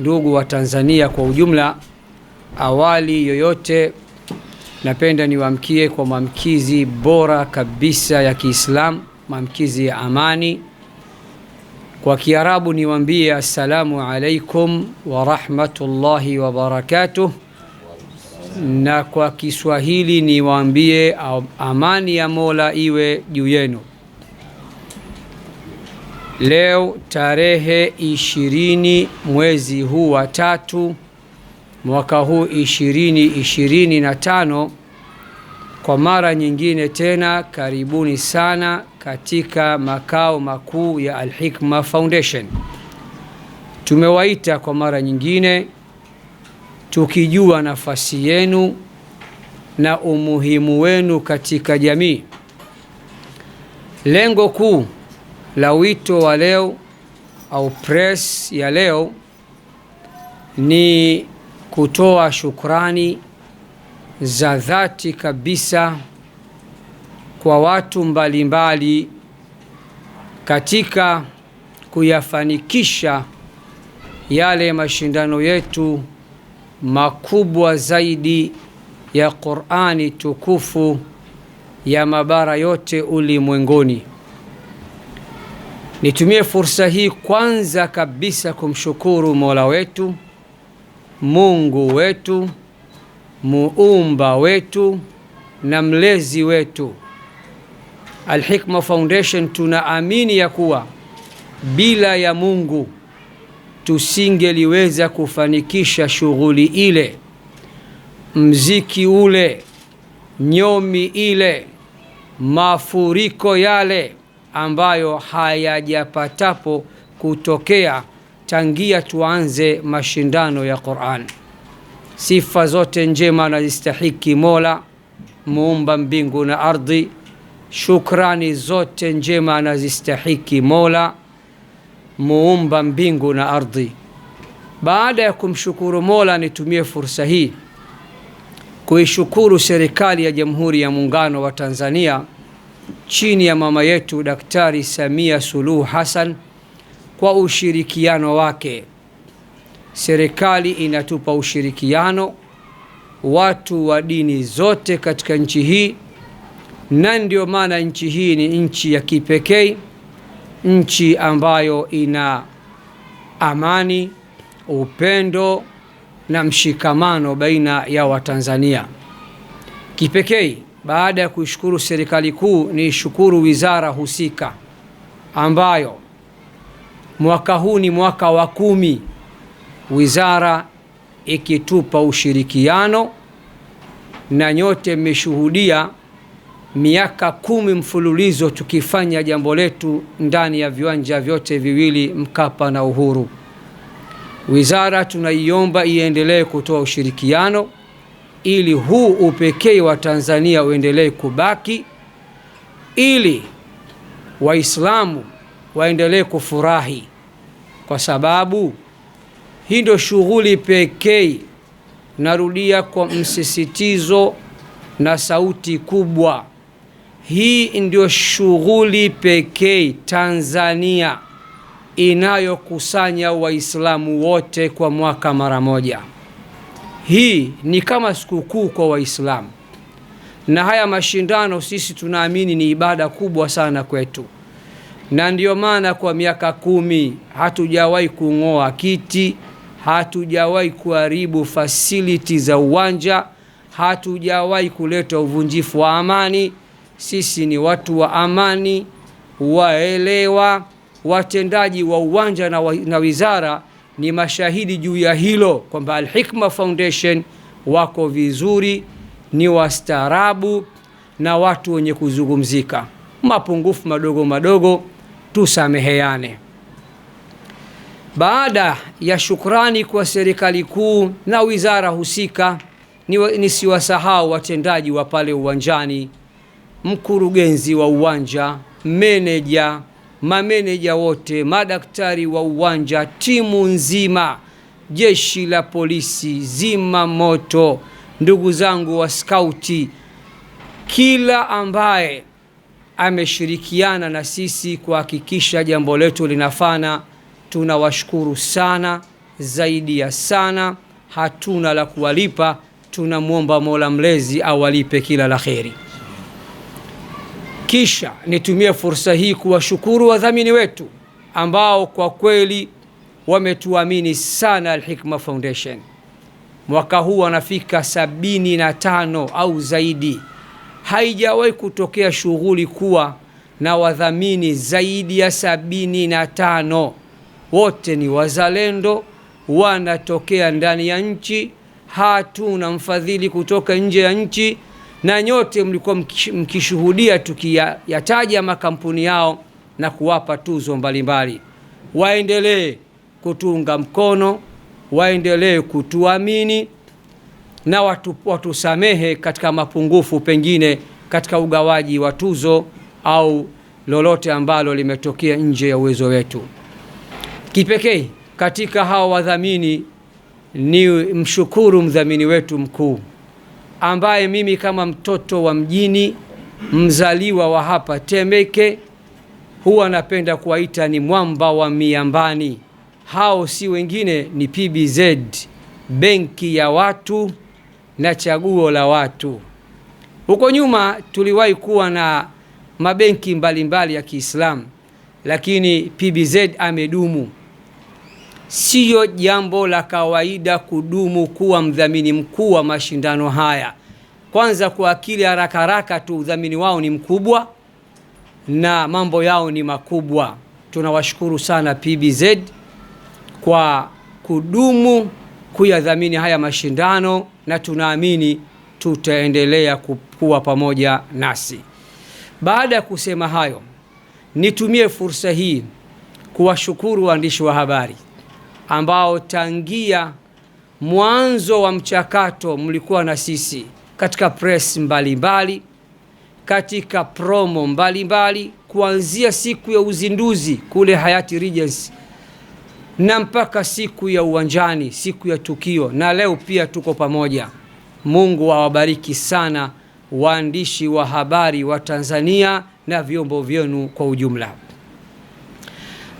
Ndugu wa Tanzania kwa ujumla, awali yoyote, napenda niwaamkie kwa maamkizi bora kabisa ya Kiislamu, maamkizi ya amani. Kwa Kiarabu niwaambie assalamu alaikum wa rahmatullahi wa barakatuh, na kwa Kiswahili niwaambie amani ya Mola iwe juu yenu. Leo tarehe ishirini mwezi huu wa tatu mwaka huu ishirini ishirini na tano. Kwa mara nyingine tena, karibuni sana katika makao makuu ya Al-Hikma Foundation. Tumewaita kwa mara nyingine tukijua nafasi yenu na umuhimu wenu katika jamii. Lengo kuu la wito wa leo au press ya leo ni kutoa shukrani za dhati kabisa kwa watu mbalimbali mbali katika kuyafanikisha yale mashindano yetu makubwa zaidi ya Qur'ani tukufu ya mabara yote ulimwenguni. Nitumie fursa hii kwanza kabisa kumshukuru Mola wetu Mungu wetu muumba wetu na mlezi wetu. Al-Hikma Foundation tunaamini ya kuwa bila ya Mungu tusingeliweza kufanikisha shughuli ile, mziki ule, nyomi ile, mafuriko yale ambayo hayajapatapo kutokea tangia tuanze mashindano ya Qur'an. Sifa zote njema anazistahiki Mola muumba mbingu na ardhi. Shukrani zote njema anazistahiki Mola muumba mbingu na ardhi. Baada ya kumshukuru Mola, nitumie fursa hii kuishukuru serikali ya Jamhuri ya Muungano wa Tanzania chini ya mama yetu Daktari Samia Suluhu Hassan. Kwa ushirikiano wake, serikali inatupa ushirikiano watu wa dini zote katika nchi hii, na ndio maana nchi hii ni nchi ya kipekee, nchi ambayo ina amani, upendo na mshikamano baina ya Watanzania kipekee baada ya kuishukuru serikali kuu, niishukuru wizara husika ambayo mwaka huu ni mwaka wa kumi wizara ikitupa ushirikiano, na nyote mmeshuhudia miaka kumi mfululizo tukifanya jambo letu ndani ya viwanja vyote viwili Mkapa na Uhuru. Wizara tunaiomba iendelee kutoa ushirikiano ili huu upekee wa Tanzania uendelee kubaki, ili Waislamu waendelee kufurahi, kwa sababu hii ndio shughuli pekee, narudia kwa msisitizo na sauti kubwa, hii ndio shughuli pekee Tanzania inayokusanya Waislamu wote kwa mwaka mara moja. Hii ni kama sikukuu kwa Waislamu, na haya mashindano sisi tunaamini ni ibada kubwa sana kwetu, na ndiyo maana kwa miaka kumi hatujawahi kung'oa kiti, hatujawahi kuharibu fasiliti za uwanja, hatujawahi kuleta uvunjifu wa amani. Sisi ni watu wa amani, waelewa, watendaji wa uwanja na, wa, na wizara ni mashahidi juu ya hilo kwamba alhikma Foundation wako vizuri, ni wastaarabu na watu wenye kuzungumzika. Mapungufu madogo madogo tusameheane. Baada ya shukrani kwa serikali kuu na wizara husika, nisiwasahau watendaji wa pale uwanjani, mkurugenzi wa uwanja, meneja mameneja wote, madaktari wa uwanja, timu nzima, jeshi la polisi, zima moto, ndugu zangu wa skauti, kila ambaye ameshirikiana na sisi kuhakikisha jambo letu linafana, tunawashukuru sana zaidi ya sana. Hatuna la kuwalipa, tunamwomba Mola Mlezi awalipe kila la kheri. Kisha nitumie fursa hii kuwashukuru wadhamini wetu ambao kwa kweli wametuamini sana Alhikma Foundation. Mwaka huu wanafika sabini na tano au zaidi. Haijawahi kutokea shughuli kuwa na wadhamini zaidi ya sabini na tano. Wote ni wazalendo, wanatokea ndani ya nchi, hatuna mfadhili kutoka nje ya nchi na nyote mlikuwa mkishuhudia tukiyataja makampuni yao na kuwapa tuzo mbalimbali. Waendelee kutuunga mkono, waendelee kutuamini na watu, watusamehe katika mapungufu pengine katika ugawaji wa tuzo au lolote ambalo limetokea nje ya uwezo wetu. Kipekee katika hawa wadhamini ni mshukuru mdhamini wetu mkuu ambaye mimi kama mtoto wa mjini mzaliwa wa hapa Temeke huwa napenda kuwaita ni mwamba wa miambani. Hao si wengine ni PBZ, benki ya watu na chaguo la watu. Huko nyuma tuliwahi kuwa na mabenki mbalimbali mbali ya Kiislamu, lakini PBZ amedumu siyo jambo la kawaida kudumu kuwa mdhamini mkuu wa mashindano haya. Kwanza kwa akili haraka haraka tu, udhamini wao ni mkubwa na mambo yao ni makubwa. Tunawashukuru sana PBZ kwa kudumu kuyadhamini haya mashindano, na tunaamini tutaendelea kuwa pamoja nasi. Baada ya kusema hayo, nitumie fursa hii kuwashukuru waandishi wa habari ambao tangia mwanzo wa mchakato mlikuwa na sisi katika press mbalimbali mbali, katika promo mbalimbali mbali, kuanzia siku ya uzinduzi kule Hayati Regency na mpaka siku ya uwanjani, siku ya tukio, na leo pia tuko pamoja. Mungu awabariki sana waandishi wa habari wa Tanzania na vyombo vyenu kwa ujumla.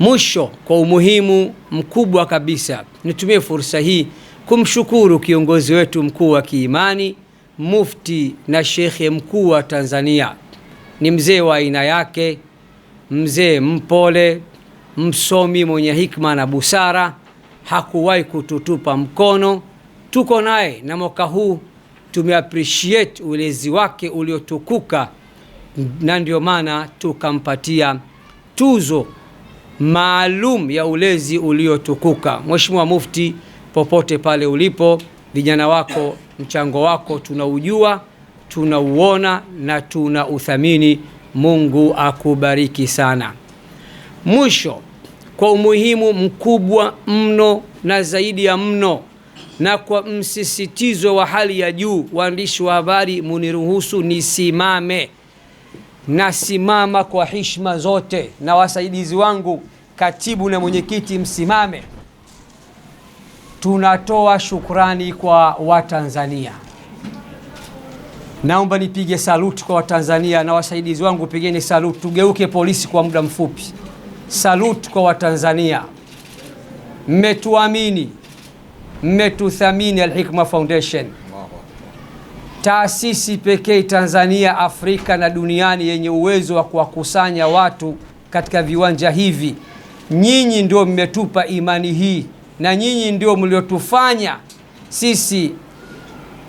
Mwisho, kwa umuhimu mkubwa kabisa, nitumie fursa hii kumshukuru kiongozi wetu mkuu wa kiimani Mufti na shekhe mkuu wa Tanzania. Ni mzee wa aina yake, mzee mpole, msomi mwenye hikma na busara. Hakuwahi kututupa mkono, tuko naye na mwaka huu tumeappreciate ulezi wake uliotukuka, na ndio maana tukampatia tuzo maalum ya ulezi uliotukuka. Mheshimiwa Mufti, popote pale ulipo, vijana wako, mchango wako tunaujua, tunauona na tunauthamini. Mungu akubariki sana. Mwisho, kwa umuhimu mkubwa mno na zaidi ya mno na kwa msisitizo wa hali ya juu, waandishi wa habari, muniruhusu nisimame nasimama kwa hishma zote, na wasaidizi wangu katibu na mwenyekiti, msimame. Tunatoa shukrani kwa Watanzania. Naomba nipige saluti kwa Watanzania na wasaidizi wangu, pigeni saluti. Tugeuke polisi kwa muda mfupi. Saluti kwa Watanzania, mmetuamini, mmetuthamini Alhikma Foundation taasisi pekee Tanzania, Afrika na duniani yenye uwezo wa kuwakusanya watu katika viwanja hivi. Nyinyi ndio mmetupa imani hii na nyinyi ndio mliotufanya sisi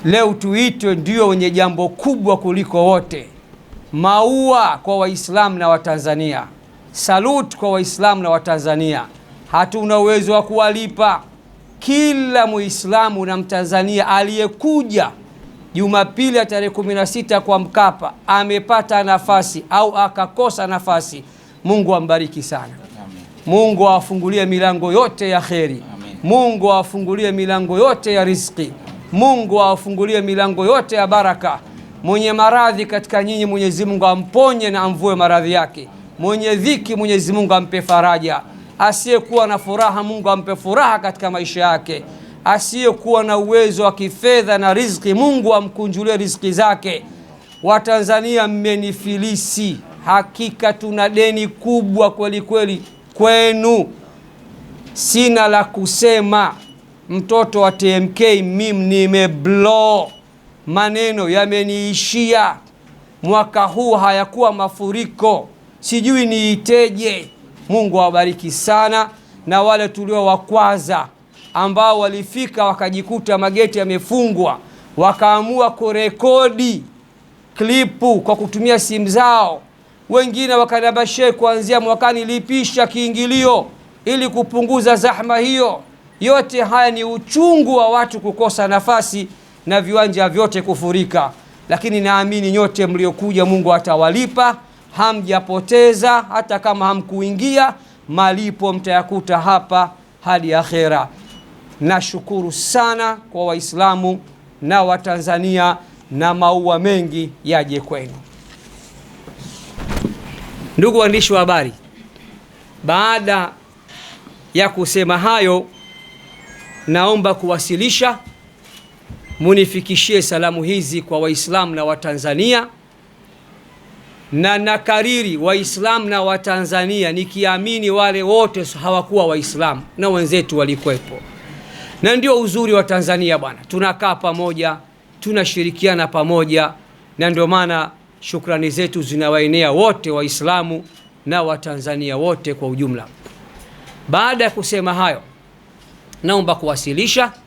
leo tuitwe ndio wenye jambo kubwa kuliko wote. Maua kwa Waislamu na Watanzania, salut kwa Waislamu na Watanzania. Hatuna uwezo wa kuwalipa. Kila Muislamu na Mtanzania aliyekuja Jumapili ya tarehe na sita kwa Mkapa amepata nafasi au akakosa nafasi, Mungu ambariki sana. Amen. Mungu awafungulie milango yote ya kheri. Amen. Mungu awafungulie milango yote ya riziki. Mungu awafungulie milango yote ya baraka. Mwenye maradhi katika nyinyi, Mwenyezi Mungu amponye na amvue maradhi yake. Mwenye dhiki, Mwenyezi Mungu ampe faraja. Asiyekuwa na furaha, Mungu ampe furaha katika maisha yake asiyekuwa na uwezo wa kifedha na riziki, Mungu amkunjulie riziki zake. Watanzania mmenifilisi, hakika tuna deni kubwa kweli kweli kwenu. Sina la kusema, mtoto wa TMK mimi nimeblo, maneno yameniishia. Mwaka huu hayakuwa mafuriko, sijui niiteje. Mungu awabariki sana na wale tulio wakwaza ambao walifika wakajikuta mageti yamefungwa, wakaamua kurekodi klipu kwa kutumia simu zao. Wengine wakadabashe kuanzia mwakani lipisha kiingilio ili kupunguza zahma hiyo. Yote haya ni uchungu wa watu kukosa nafasi na viwanja vyote kufurika, lakini naamini nyote mliokuja, Mungu atawalipa. Hamjapoteza, hata kama hamkuingia, malipo mtayakuta hapa hadi akhera. Nashukuru sana kwa Waislamu na Watanzania, na maua mengi yaje kwenu. Ndugu waandishi wa habari, baada ya kusema hayo, naomba kuwasilisha munifikishie salamu hizi kwa Waislamu na Watanzania, na nakariri, Waislamu na Watanzania nikiamini wale wote hawakuwa Waislamu na wenzetu walikuwepo na ndio uzuri wa Tanzania bwana, tunakaa pamoja, tunashirikiana pamoja, na ndio maana shukrani zetu zinawaenea wote Waislamu na Watanzania wote kwa ujumla. Baada ya kusema hayo, naomba kuwasilisha